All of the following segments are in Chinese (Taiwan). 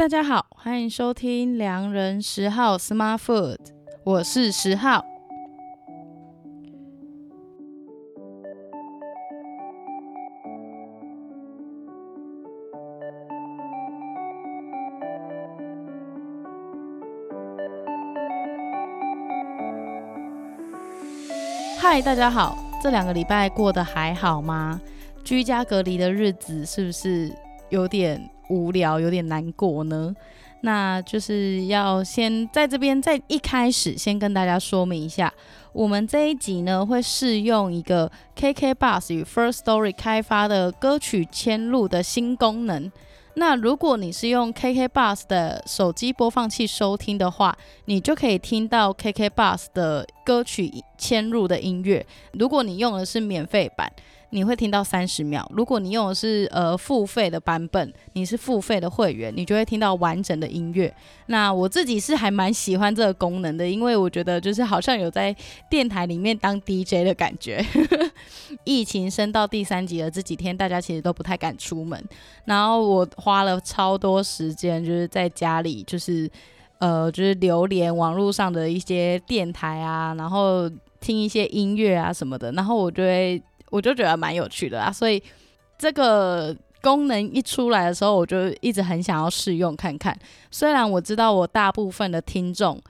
大家好，歡迎收聽良人拾號 Smart Food，我是十號。嗨，大家好，這兩個禮拜過得還好嗎？居家隔離的日子是不是有點無聊，有點難過呢。那就是要先在這邊，在一開始先跟大家說明一下，我們這一集呢會試用一個 KKBOX 與 Firstory 開發的歌曲嵌入的新功能。那如果你是用 KKBOX 的手機播放器收聽的話，你就可以聽到 KKBOX 的歌曲嵌入的音樂。如果你用的是免費版。你會聽到三十秒。如果你用的是呃付費的版本，你是付費的會員，你就會聽到完整的音樂。那我自己是還蠻喜歡這個功能的，因為我覺得就是好像有在電臺裡面當 DJ 的感覺。 疫情升到第三級了，這幾天大家其實都不太敢出門，然後我花了超多時間，就是在家裡，就是呃，就是流連網絡上的一些電臺啊，然後聽一些音樂啊什麼的，然後我就會。我就覺得蠻有趣的啦，所以這個功能一出來的時候，我就一直很想要試用看看。雖然我知道我大部分的聽眾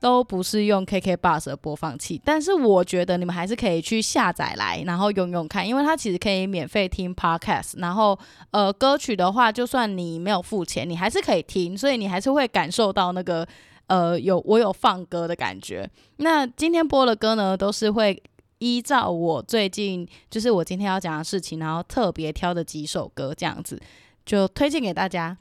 都不是用 KKBOX 的播放器，但是我覺得你們還是可以去下載來，然後用用看，因為它其實可以免費聽 Podcast，然後呃歌曲的話，就算你沒有付錢，你還是可以聽，所以你還是會感受到那個呃有我有放歌的感覺。那今天播的歌呢，都是會。依照我最近就是我今天要講的事情，然後特別挑的幾首歌這樣子，就推薦給大家。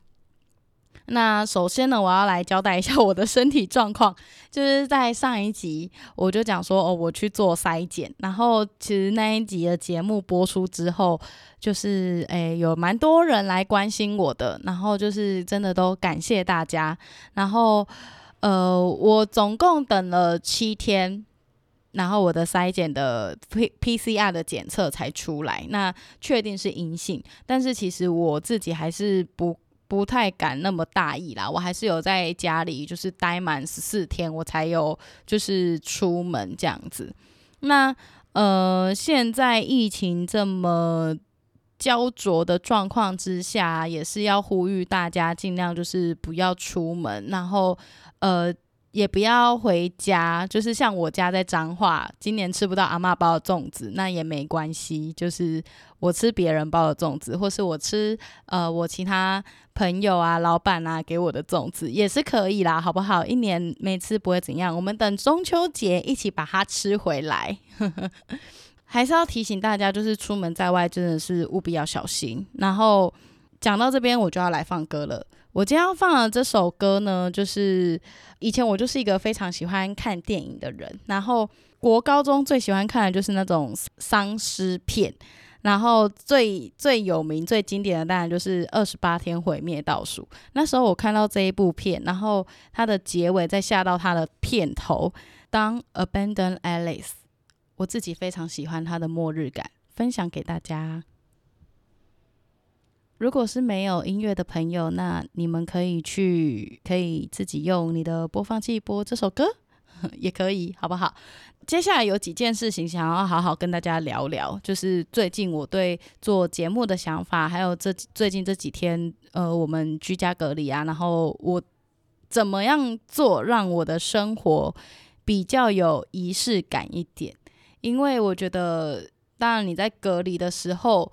那首先呢，我要來交代一下我的身體狀況，就是在上一集我就講說哦，我去做篩檢，然後其實那一集的節目播出之後，就是誒、欸，有蠻多人來關心我的，然後就是真的都感謝大家，然後呃我總共等了七天。然後我的篩檢的 P P C R 的檢測才出來，那確定是陰性，但是其實我自己還是不不太敢那麼大意啦，我還是有在家裡就是待滿十四天，我才有就是出門這樣子。那呃，現在疫情這麼焦灼的狀況之下，也是要呼籲大家盡量就是不要出門，然後呃。也不要回家，就是像我家在彰化，今年吃不到阿嬤包的粽子，那也沒關係，就是我吃別人包的粽子，或是我吃呃我其他朋友啊、老闆啊給我的粽子也是可以啦，好不好？一年沒吃不會怎樣，我們等中秋節一起把它吃回來。 還是要提醒大家，就是出門在外真的是務必要小心。然後講到這邊，我就要來放歌了。我今天要放的這首歌呢，就是以前我就是一個非常喜歡看電影的人，然後國高中最喜歡看的就是那種喪屍片，然後最最有名、最經典的當然就是《二十八天毀滅倒數》。那時候我看到這一部片，然後它的結尾再下到它的片頭，當 Abandon Alice，我自己非常喜歡它的末日感，分享給大家。如果是沒有音樂的朋友，那你們可以去，可以自己用你的播放器播這首歌， 也可以，好不好？接下來有幾件事情想要好好好跟大家聊聊，就是最近我對做節目的想法，還有這最近這幾天，呃，我們居家隔離啊，然後我怎麼樣做讓我的生活比較有儀式感一點？因為我覺得，當然你在隔離的時候。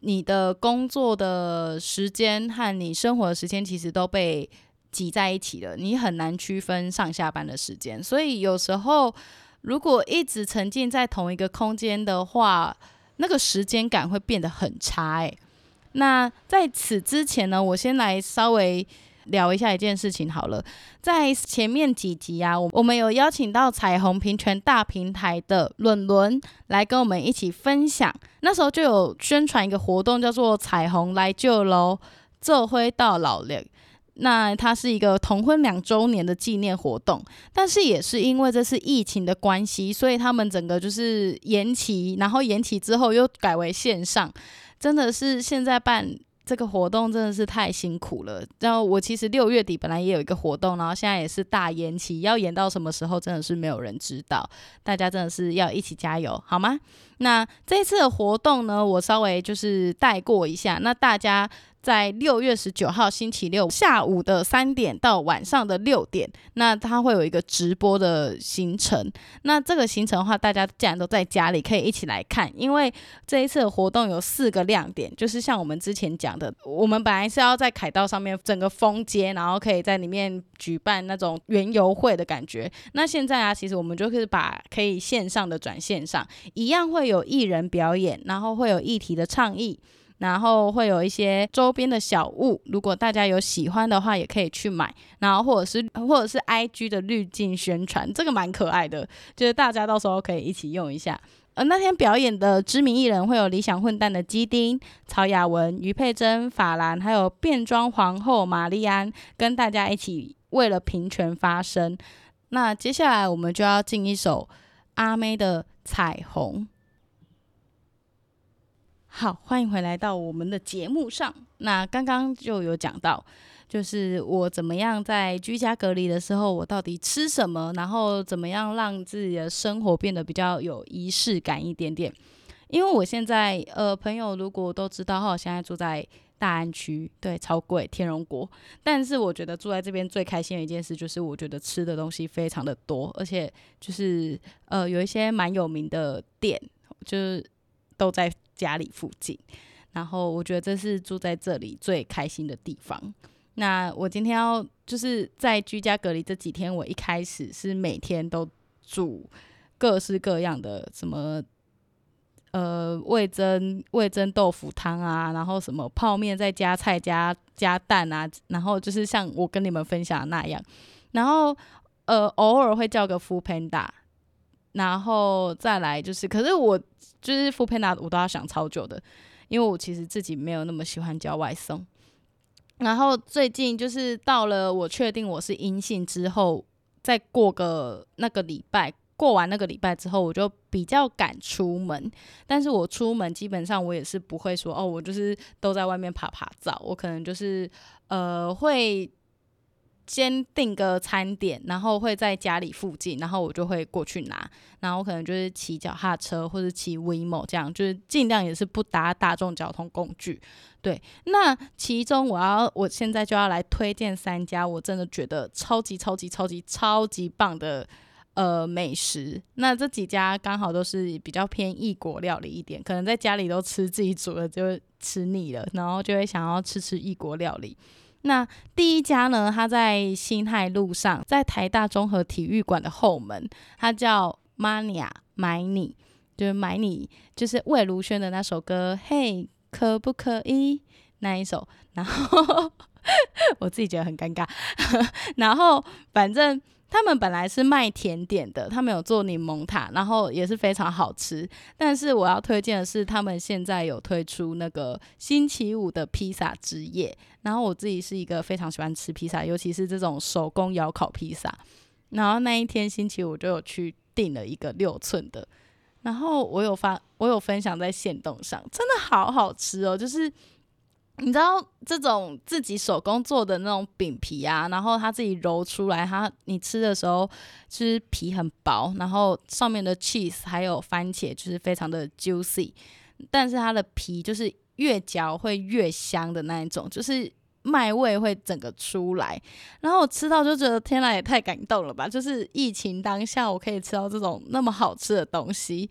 你的工作的時間和你生活的時間其實都被擠在一起了，你很難區分上下班的時間。所以有時候，如果一直沉浸在同一個空間的話，那個時間感會變得很差。欸，那在此之前呢，我先來稍微聊一下一件事情好了，在前面幾集啊，我我們有邀請到彩虹平權大平台的倫倫來跟我們一起分享。那時候就有宣傳一個活動，叫做“彩虹來照路”，做伙鬥鬧熱。那它是一個同婚兩周年的紀念活動，但是也是因為這次疫情的關係，所以他們整個就是延期，然後延期之後又改為線上，真的是現在辦。這個活動真的是太辛苦了，然後我其實六月底本來也有一個活動，然後現在也是大延期，要延到什麼時候真的是沒有人知道，大家真的是要一起加油，好嗎？那這次的活動呢，我稍微就是帶過一下，那大家。在六月十九號星期六下午的三點到晚上的六點，那他會有一個直播的行程。那這個行程的話，大家既然都在家裡，可以一起來看。因為這一次的活動有四個亮點，就是像我們之前講的，我們本來是要在凱道上面整個封街，然後可以在裡面舉辦那種園遊會的感覺。那現在啊，其實我們就是把可以線上的轉線上，一樣會有藝人表演，然後會有議題的倡議。然後會有一些周邊的小物，如果大家有喜歡的話，也可以去買。然後或者是或者是 I G 的濾鏡宣傳，這個蠻可愛的，就是大家到時候可以一起用一下。而、呃、那天表演的知名藝人會有理想混蛋的雞丁、曹雅雯、余佩真、法蘭，還有變裝皇后瑪麗安，跟大家一起為了平權發聲。那接下來我們就要進一首阿妹的《彩虹》。好，歡迎回來到我們的節目上。那剛剛就有講到，就是我怎麼樣在居家隔離的時候，我到底吃什麼，然後怎麼樣讓自己的生活變得比較有儀式感一點點。因為我現在呃，朋友如果都知道哈，我現在住在大安區，對，超貴，天龍國。但是我覺得住在這邊最開心的一件事，就是我覺得吃的東西非常的多，而且就是呃，有一些蠻有名的店，就是都在。家裡附近，然後我覺得這是住在這裡最開心的地方。那我今天要就是在居家隔離這幾天，我一開始是每天都煮各式各樣的什麼，呃，味噌味噌豆腐湯啊，然後什麼泡麵再加菜加加蛋啊，然後就是像我跟你們分享的那樣，然後呃偶爾會叫個 foodpanda。然後再來就是，可是我就是複配搭，我都要想超久的，因為我其實自己沒有那麼喜歡叫外送。然後最近就是到了我確定我是陰性之後，再過個那個禮拜，過完那個禮拜之後，我就比較敢出門。但是我出門基本上我也是不會說哦，我就是都在外面趴趴走，我可能就是呃會。先訂個餐點，然後會在家裡附近，然後我就會過去拿，然後我可能就是騎腳踏車或者騎 WeMo 這樣，就是盡量也是不搭大眾交通工具。對，那其中我要我現在就要來推薦三家，我真的覺得超級超級超級超級棒的呃美食。那這幾家剛好都是比較偏異國料理一點，可能在家裡都吃自己煮了就吃膩了，然後就會想要吃吃異國料理。那第一家呢？它在辛亥路上，在台大綜合體育館的後門。它叫 Mania 買你，就是買你，就是魏如萱的那首歌《嘿，可不可以》那一首。然後呵呵我自己覺得很尷尬。呵然後反正。他們本來是賣甜點的，他們有做檸檬塔，然後也是非常好吃。但是我要推薦的是，他們現在有推出那個星期五的披薩之夜。然後我自己是一個非常喜歡吃披薩，尤其是這種手工窑烤披薩。然後那一天星期五就有去訂了一個六寸的，然後我有發我有分享在限動上，真的好好吃哦，就是。你知道這種自己手工做的那種餅皮啊，然後它自己揉出來，它你吃的時候，就是皮很薄，然後上面的 cheese 還有番茄就是非常的 juicy，但是它的皮就是越嚼會越香的那一種，就是麥味會整個出來。然後我吃到就覺得，天哪，也太感動了吧！就是疫情當下，我可以吃到這種那麼好吃的東西，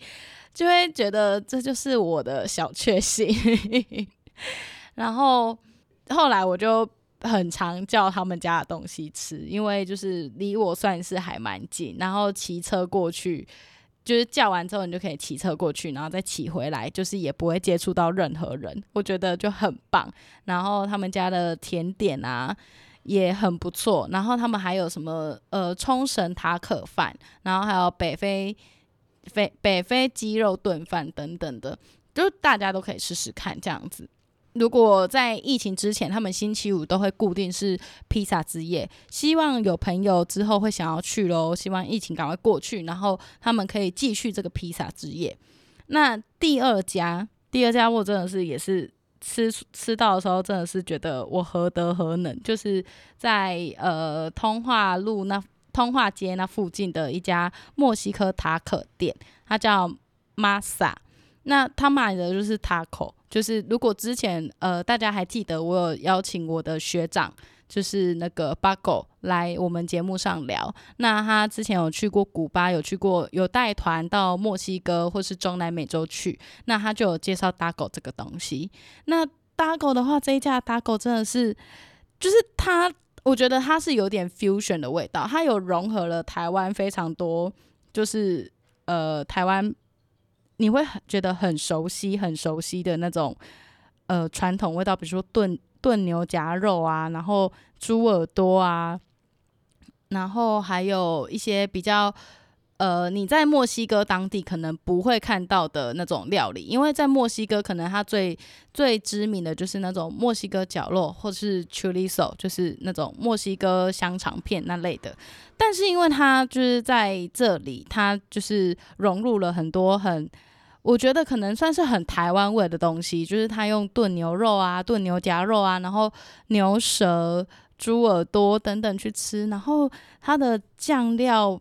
就會覺得這就是我的小確幸。 然後後來我就很常叫他們家的東西吃，因為就是離我算是還蠻近，然後騎車過去，就是叫完之後你就可以騎車過去，然後再騎回來，就是也不會接觸到任何人，我覺得就很棒。然後他們家的甜點啊也很不錯，然後他們還有什麼呃沖繩塔可飯，然後還有北非非北非雞肉燉飯等等的，就大家都可以試試看這樣子。如果在疫情之前，他們星期五都會固定是披薩之夜，希望有朋友之後會想要去咯，希望疫情趕快過去，然後他們可以繼續這個披薩之夜。那第二家，第二家我真的是也是吃吃到的時候，真的是覺得我何德何能，就是在呃通化路那通化街那附近的一家墨西哥塔可店，它叫 Masa 那他買的就是塔可。就是如果之前呃大家還記得我有邀請我的學長，就是那個 d 狗來我們節目上聊，那他之前有去過古巴，有去過，有帶團到墨西哥或是中南美洲去，那他就有介紹搭狗這個東西。那搭狗的話，這一家搭狗真的是，就是它，我覺得它是有點 fusion 的味道，它有融合了台灣非常多，就是呃台灣。你會很覺得很熟悉，很熟悉的那種，呃，傳統味道，比如說燉燉牛頰肉啊，然後豬耳朵啊，然後還有一些比較。呃，你在墨西哥當地可能不會看到的那種料理，因為在墨西哥可能他最最知名的就是那種墨西哥絞肉，或是 chorizo，就是那種墨西哥香腸片那類的。但是因為他就是在這裡，他就是融入了很多很，我覺得可能算是很台灣味的東西，就是他用燉牛肉啊、燉牛頰肉啊，然後牛舌、豬耳朵等等去吃，然後他的醬料。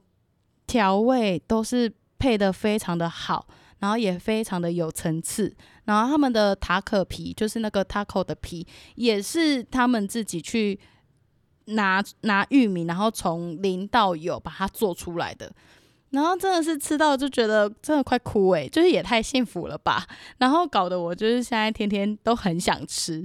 調味都是配得非常的好，然後也非常的有層次。然後他們的塔可皮，就是那個塔可的皮，也是他們自己去拿拿玉米，然後從零到有把它做出來的。然後真的是吃到就覺得真的快哭哎、欸，就是也太幸福了吧！然後搞得我就是現在天天都很想吃，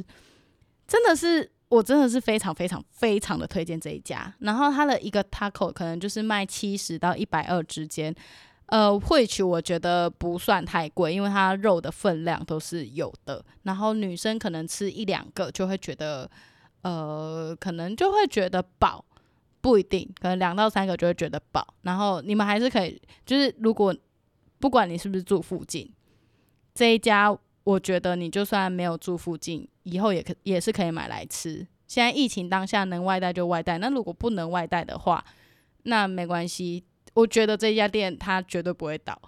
真的是。我真的是非常非常非常的推薦這一家，然後它的一個 taco 可能就是賣七十到一百二之間，呃，會去我覺得不算太貴，因為它肉的分量都是有的。然後女生可能吃一兩個就會覺得，呃，可能就會覺得飽，不一定，可能兩到三個就會覺得飽。然後你們還是可以，就是如果不管你是不是住附近，這一家我覺得你就算沒有住附近。以後也可也是可以買來吃。現在疫情當下能外帶就外帶，那如果不能外帶的話，那沒關係。我覺得這家店它絕對不會倒，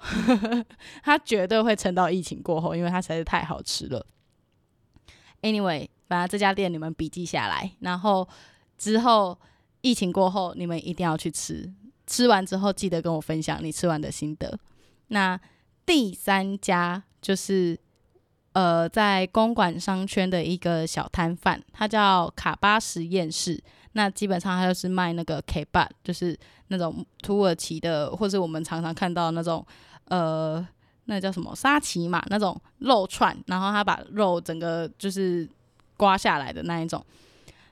它絕對會撐到疫情過後，因為它實在是太好吃了。Anyway，把這家店你們筆記下來，然後之後疫情過後你們一定要去吃，吃完之後記得跟我分享你吃完的心得。那第三家就是。呃，在公館商圈的一個小攤販，他叫卡巴實驗室。那基本上他就是賣那個 kebab，就是那種土耳其的，或是我們常常看到的那種呃，那叫什麼沙威瑪那種肉串，然後他把肉整個就是刮下來的那一種。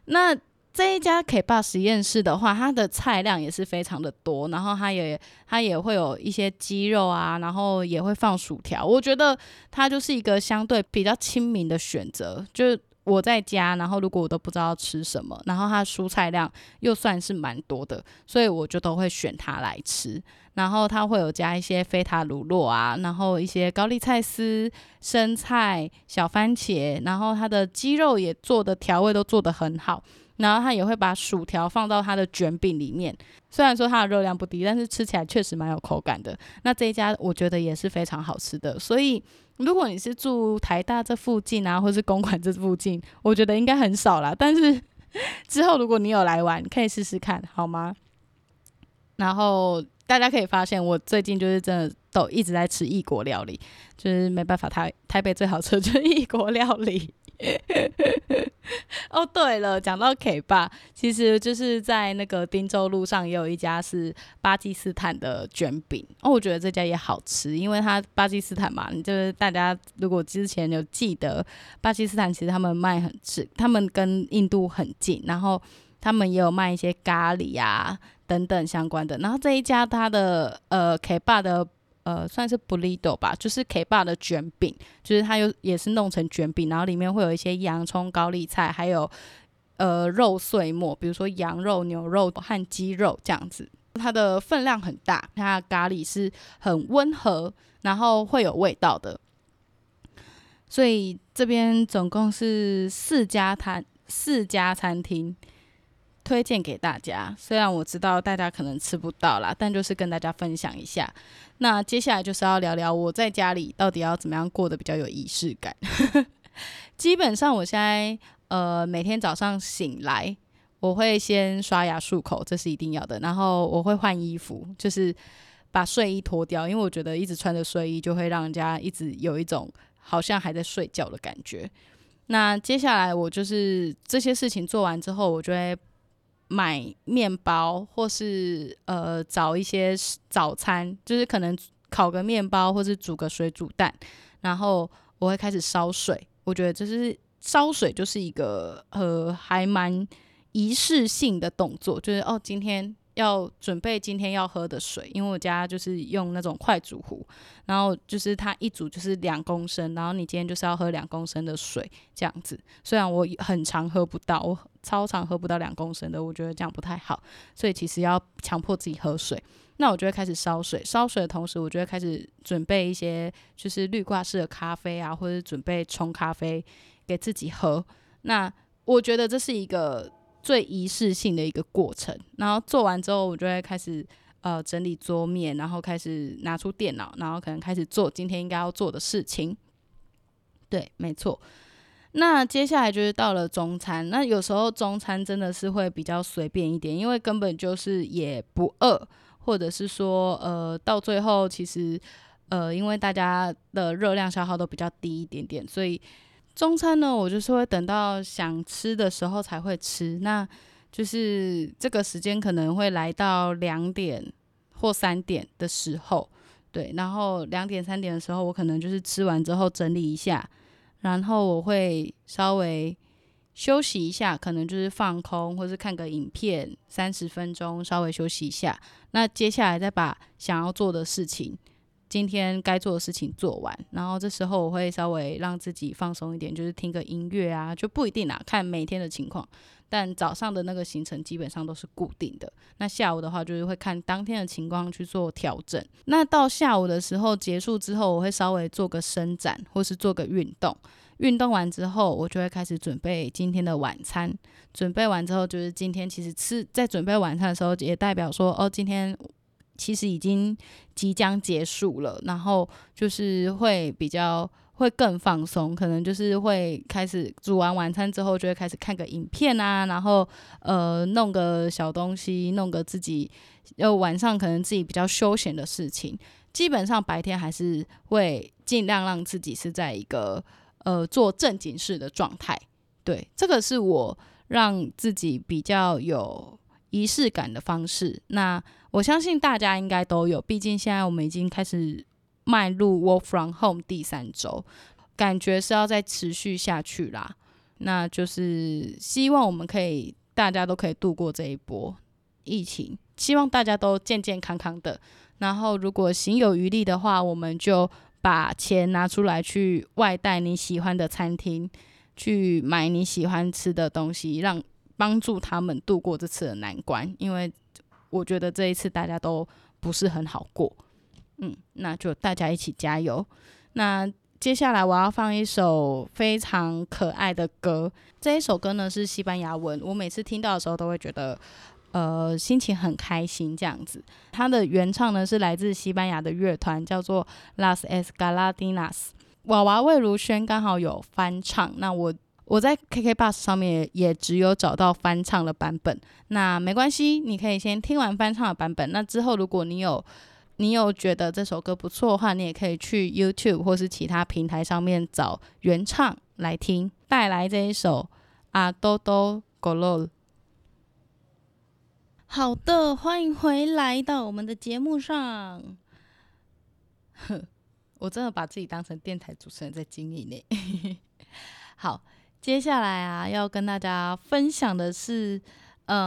那這一家 k a 實驗室的話，它的菜量也是非常的多，然後它也它也會有一些雞肉啊，然後也會放薯條。我覺得它就是一個相對比較親民的選擇，就是我在家，然後如果我都不知道吃什麼，然後它蔬菜量又算是蠻多的，所以我就都會選它來吃。然後它會有加一些菲塔乳酪啊，然後一些高麗菜絲、生菜、小番茄，然後它的雞肉也做的調味都做得很好。然後他也會把薯條放到他的捲餅裡面，雖然說它的熱量不低，但是吃起來確實蠻有口感的。那這一家我覺得也是非常好吃的，所以如果你是住台大這附近啊，或是公館這附近，我覺得應該很少啦。但是之後如果你有來玩，可以試試看，好嗎？然後大家可以發現，我最近就是真的都一直在吃異國料理，就是沒辦法，台台北最好吃的就是異國料理。 哦，對了，講到 Kebab 其實就是在那個汀州路上也有一家是巴基斯坦的捲餅。哦，我覺得這家也好吃，因為它巴基斯坦嘛，就是大家如果之前有記得，巴基斯坦其實他們賣很吃，他們跟印度很近，然後他們也有賣一些咖喱呀、啊、等等相關的。然後這一家它的呃 Kebab 的。呃，算是布利多吧，就是 Kebab 的捲餅，就是它有也是弄成捲餅，然後裡面會有一些洋蔥、高麗菜，還有呃肉碎末，比如說羊肉、牛肉和雞肉這樣子。它的分量很大，它的咖喱是很溫和，然後會有味道的。所以這邊總共是四家攤，四家餐廳。推薦給大家，雖然我知道大家可能吃不到啦，但就是跟大家分享一下。那接下來就是要聊聊我在家裡到底要怎麼樣過得比較有儀式感。 基本上我現在呃，每天早上醒來，我會先刷牙漱口，這是一定要的。然後我會換衣服，就是把睡衣脫掉，因為我覺得一直穿着睡衣就會讓人家一直有一種好像還在睡覺的感覺。那接下來我就是這些事情做完之後，我就會，買麵包，或是呃找一些早餐，就是可能烤個麵包，或是煮個水煮蛋，然後我會開始燒水。我覺得這是燒水就是一個呃還蠻儀式性的動作，就是哦今天。要準備今天要喝的水，因為我家就是用那種快煮壺，然後就是它一煮就是兩公升，然後你今天就是要喝兩公升的水這樣子。雖然我很常喝不到，我超常喝不到兩公升的，我覺得這樣不太好，所以其實要強迫自己喝水。那我就會開始燒水，燒水的同時，我就會開始準備一些就是濾掛式的咖啡啊，或者準備沖咖啡給自己喝。那我覺得這是一個。最儀式性的一個過程，然後做完之後，我就會開始呃整理桌面，然後開始拿出電腦，然後可能開始做今天應該要做的事情。對，沒錯。那接下來就是到了中餐，那有時候中餐真的是會比較隨便一點，因為根本就是也不餓，或者是說呃到最後其實呃因為大家的熱量消耗都比較低一點點，所以。中餐呢，我就是會等到想吃的時候才會吃，那就是這個時間可能會來到兩點或三點的時候，對，然後兩點三點的時候，我可能就是吃完之後整理一下，然後我會稍微休息一下，可能就是放空或是看個影片三十分鐘，稍微休息一下，那接下來再把想要做的事情。今天該做的事情做完，然後這時候我會稍微讓自己放鬆一點，就是聽個音樂啊，就不一定啦，啊，看每天的情況。但早上的那個行程基本上都是固定的，那下午的話就是會看當天的情況去做調整。那到下午的時候結束之後，我會稍微做個伸展，或是做個運動。運動完之後，我就會開始準備今天的晚餐。準備完之後，就是今天其實吃在準備晚餐的時候，也代表說哦，今天。其實已經即將結束了，然後就是會比較會更放鬆，可能就是會開始煮完晚餐之後就會開始看個影片啊，然後呃弄個小東西，弄個自己要、呃、晚上可能自己比較休閒的事情。基本上白天還是會盡量讓自己是在一個呃做正經事的狀態。對，這個是我讓自己比較有儀式感的方式。那我相信大家應該都有，畢竟現在我們已經開始邁入 Work from Home 第三周，感覺是要再持續下去啦。那就是希望我們可以大家都可以度過這一波疫情，希望大家都健健康康的。然後如果行有餘力的話，我們就把錢拿出來去外帶你喜歡的餐廳，去買你喜歡吃的東西，讓幫助他們度過這次的難關，因為。我覺得這一次大家都不是很好過，嗯，那就大家一起加油。那接下來我要放一首非常可愛的歌，這一首歌呢是西班牙文，我每次聽到的時候都會覺得呃，心情很開心這樣子。它的原唱呢是來自西班牙的樂團，叫做 Las Escaladinas。娃娃魏如萱剛好有翻唱，那我。我在 KKBOX 上面也只有找到翻唱的版本，那沒關係，你可以先聽完翻唱的版本。那之後，如果你有你有覺得這首歌不錯的話，你也可以去 YouTube 或是其他平台上面找原唱來聽。帶來這一首《阿多多格羅》。好的，歡迎回來到我們的節目上。 我真的把自己當成電台主持人在經營呢。 好。接下來啊，要跟大家分享的是，嗯、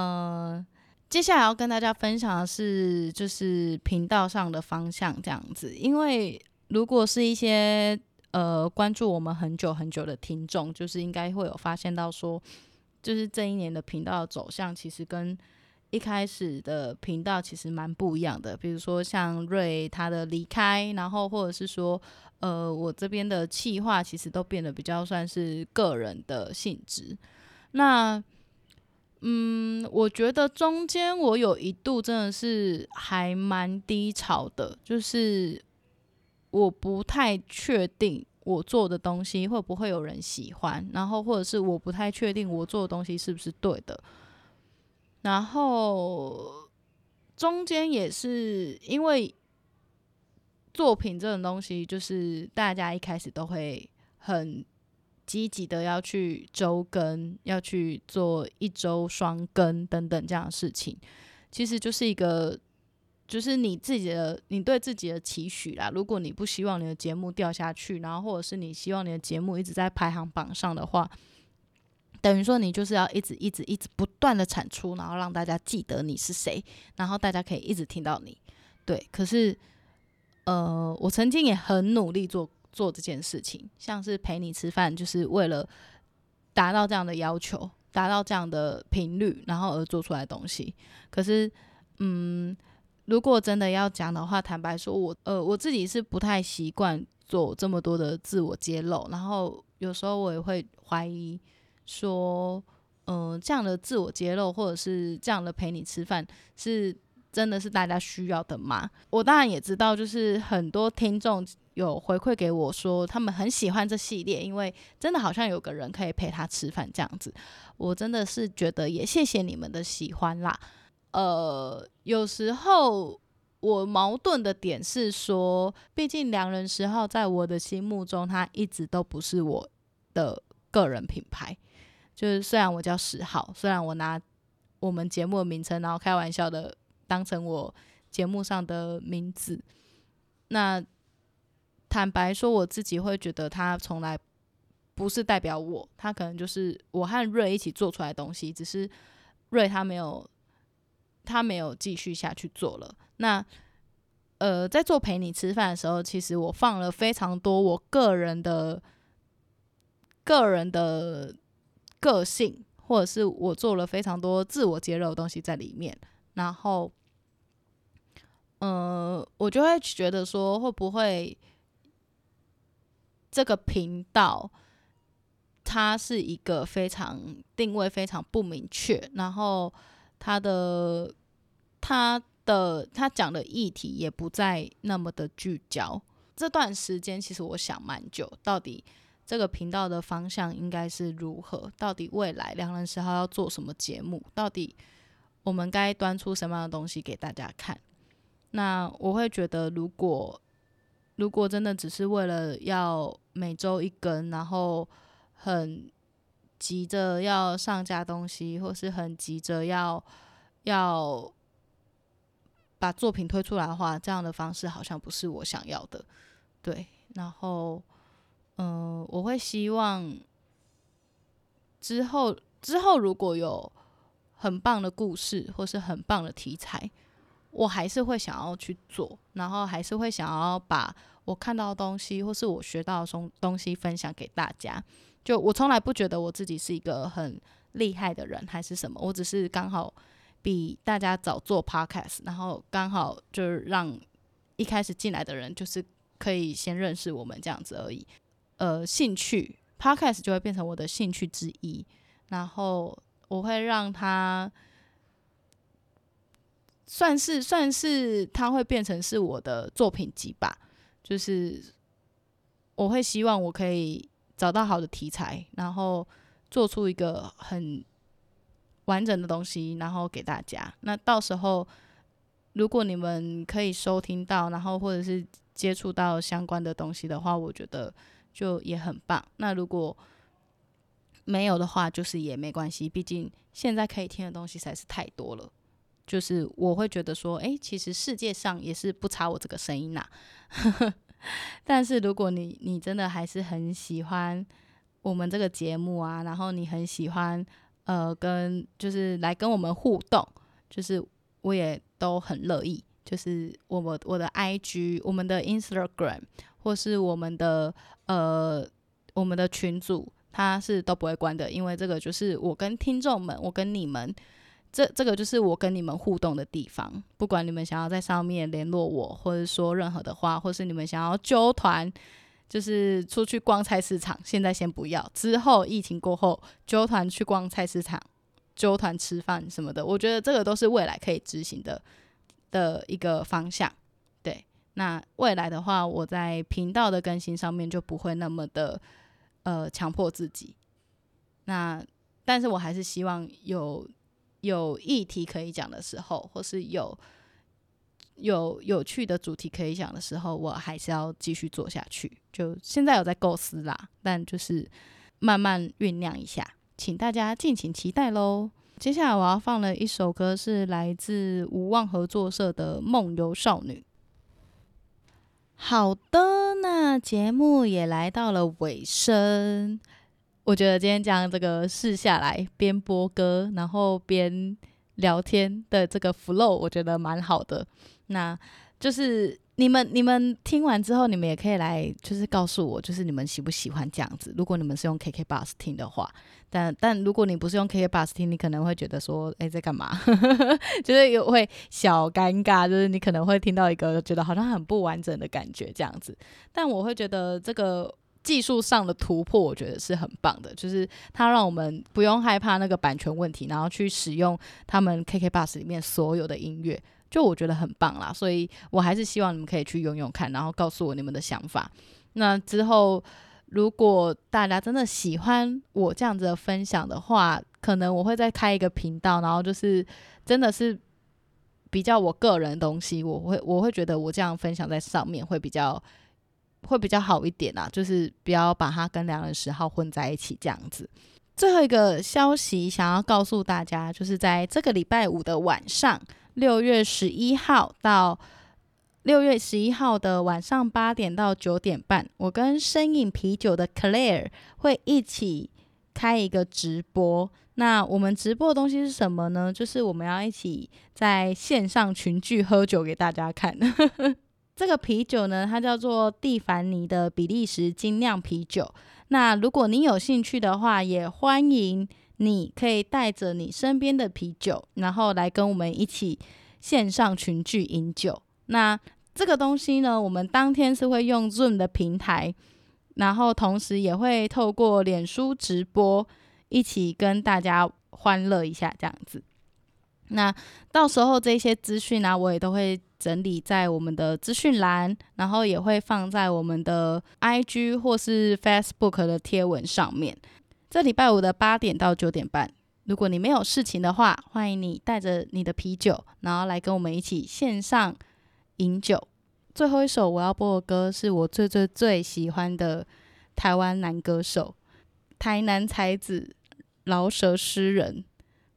呃，接下來要跟大家分享的是，就是頻道上的方向這樣子。因為如果是一些呃關注我們很久很久的聽眾，就是應該會有發現到說，就是這一年的頻道的走向其實跟。一開始的頻道其實蠻不一樣的，比如說像瑞他的離開，然後或者是說，呃，我這邊的企劃其實都變得比較算是個人的性質。那，嗯，我覺得中間我有一度真的是還蠻低潮的，就是我不太確定我做的東西會不會有人喜歡，然後或者是我不太確定我做的東西是不是對的。然後中間也是因為作品這種東西，就是大家一開始都會很積極的要去周更，要去做一周雙更等等這樣的事情。其實就是一個，就是你自己的，你對自己的期許啦。如果你不希望你的節目掉下去，然後或者是你希望你的節目一直在排行榜上的話。等於說，你就是要一直、一直、一直不斷的產出，然後讓大家記得你是誰，然後大家可以一直聽到你。對，可是，呃，我曾經也很努力做做這件事情，像是陪你吃飯，就是為了達到這樣的要求，達到這樣的頻率，然後而做出來的東西。可是，嗯，如果真的要講的話，坦白說，我呃，我自己是不太習慣做這麼多的自我揭露，然後有時候我也會懷疑。說，嗯、呃，這樣的自我揭露，或者是這樣的陪你吃飯，是真的是大家需要的嗎？我當然也知道，就是很多聽眾有回饋給我說，說他們很喜歡這系列，因為真的好像有個人可以陪他吃飯這樣子。我真的是覺得也謝謝你們的喜歡啦。呃，有時候我矛盾的點是說，畢竟良人拾號在我的心目中，他一直都不是我的個人品牌。就是雖然我叫拾號，雖然我拿我們節目的名稱，然後開玩笑的當成我節目上的名字，那坦白說我自己會覺得他從來不是代表我，他可能就是我和瑞一起做出來的東西，只是瑞他沒有他沒有繼續下去做了。那呃，在做陪你吃飯的時候，其實我放了非常多我個人的個人的。個性，或者是我做了非常多自我揭露的東西在裡面，然後，呃，我就會覺得說，會不會這個頻道它是一個非常定位非常不明確，然後它的它的它講的議題也不再那麼的聚焦。這段時間其實我想蠻久，到底。這個頻道的方向應該是如何？到底未來良人拾號要做什麼節目？到底我們該端出什麼樣的東西給大家看？那我會覺得，如果如果真的只是為了要每周一更，然後很急着要上架東西，或是很急着要要把作品推出來的話，這樣的方式好像不是我想要的。對，然後。嗯、呃，我會希望之後之後如果有很棒的故事或是很棒的題材，我還是會想要去做，然後還是會想要把我看到的東西或是我學到的東東西分享給大家。就我從來不覺得我自己是一個很厲害的人，還是什麼，我只是剛好比大家早做 podcast，然後剛好就是讓一開始進來的人就是可以先認識我們這樣子而已。呃，興趣，Podcast 就會變成我的興趣之一，然後我會讓它算是，算是它會變成是我的作品集吧。就是我會希望我可以找到好的題材，然後做出一個很完整的東西，然後給大家。那到時候如果你們可以收聽到，然後或者是接觸到相關的東西的話，我覺得。就也很棒。那如果沒有的話，就是也沒關係。畢竟現在可以聽的東西實在是太多了。就是我會覺得說，哎、欸，其實世界上也是不差我這個聲音吶、啊。 但是如果你你真的還是很喜歡我們這個節目啊，然後你很喜歡呃跟就是來跟我們互動，就是我也都很樂意。就是我們我的 IG 我們的 Instagram。或是我們的呃，我們的群組，他是都不會關的，因為這個就是我跟聽眾們，我跟你們，這這個就是我跟你們互動的地方。不管你們想要在上面聯絡我，或者說任何的話，或是你們想要揪團，就是出去逛菜市場，現在先不要，之後疫情過後揪團去逛菜市場，揪團吃飯什麼的，我覺得這個都是未來可以執行的的一個方向。那未來的話，我在頻道的更新上面就不會那麼的呃強迫自己。那但是我還是希望有有議題可以講的時候，或是有有有趣的主題可以講的時候，我還是要繼續做下去。就現在有在構思啦，但就是慢慢醞釀一下，請大家敬請期待嘍。接下來我要放的一首歌，是來自無望合作社的《夢遊少女》。好的，那節目也來到了尾聲。我覺得今天將這個試下來，邊播歌然後邊聊天的這個 flow，我覺得蠻好的。那就是。你們你們聽完之後，你們也可以來就是告訴我，就是你們喜不喜歡這樣子。如果你們是用 KKBOX 聽的話，但但如果你不是用 KKBOX 聽，你可能會覺得說，哎、欸，在幹嘛？ 就是有會小尷尬，就是你可能會聽到一個覺得好像很不完整的感覺這樣子。但我會覺得這個技術上的突破，我覺得是很棒的，就是它讓我們不用害怕那個版權問題，然後去使用他們 KKBOX 裡面所有的音樂。就我覺得很棒啦，所以我還是希望你們可以去用用看，然後告訴我你們的想法。那之後，如果大家真的喜歡我這樣子的分享的話，可能我會再開一個頻道，然後就是真的是比較我個人東西，我會我會覺得我這樣分享在上面會比較會比較好一點啦，就是不要把它跟良人拾號混在一起這樣子。最後一個消息想要告訴大家，就是在這個禮拜五的晚上。六月十一號到六月十一號的晚上八點到九點半，我跟深影啤酒的 Claire 會一起開一個直播。那我們直播的東西是什麼呢？就是我們要一起在線上群聚喝酒給大家看。 這個啤酒呢，它叫做 De Feniks 的比利時精釀啤酒。那如果你有興趣的話，也歡迎。你可以帶着你身邊的啤酒，然後來跟我們一起線上群聚飲酒。那這個東西呢，我們當天是會用 Zoom 的平台，然後同時也會透過臉書直播，一起跟大家歡樂一下這樣子。那到時候這些資訊呢，我也都會整理在我們的資訊欄，然後也會放在我們的 IG 或是 Facebook 的貼文上面。這禮拜五的八點到九點半，如果你沒有事情的話，歡迎你帶着你的啤酒，然後來跟我們一起線上飲酒。最後一首我要播的歌是我最最最喜歡的台灣男歌手、台南才子、饒舌詩人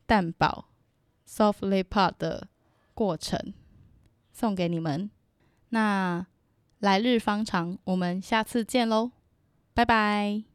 蛋堡 Soft Lipa 的過程，送給你們。那來日方長，我們下次見嘍，拜拜。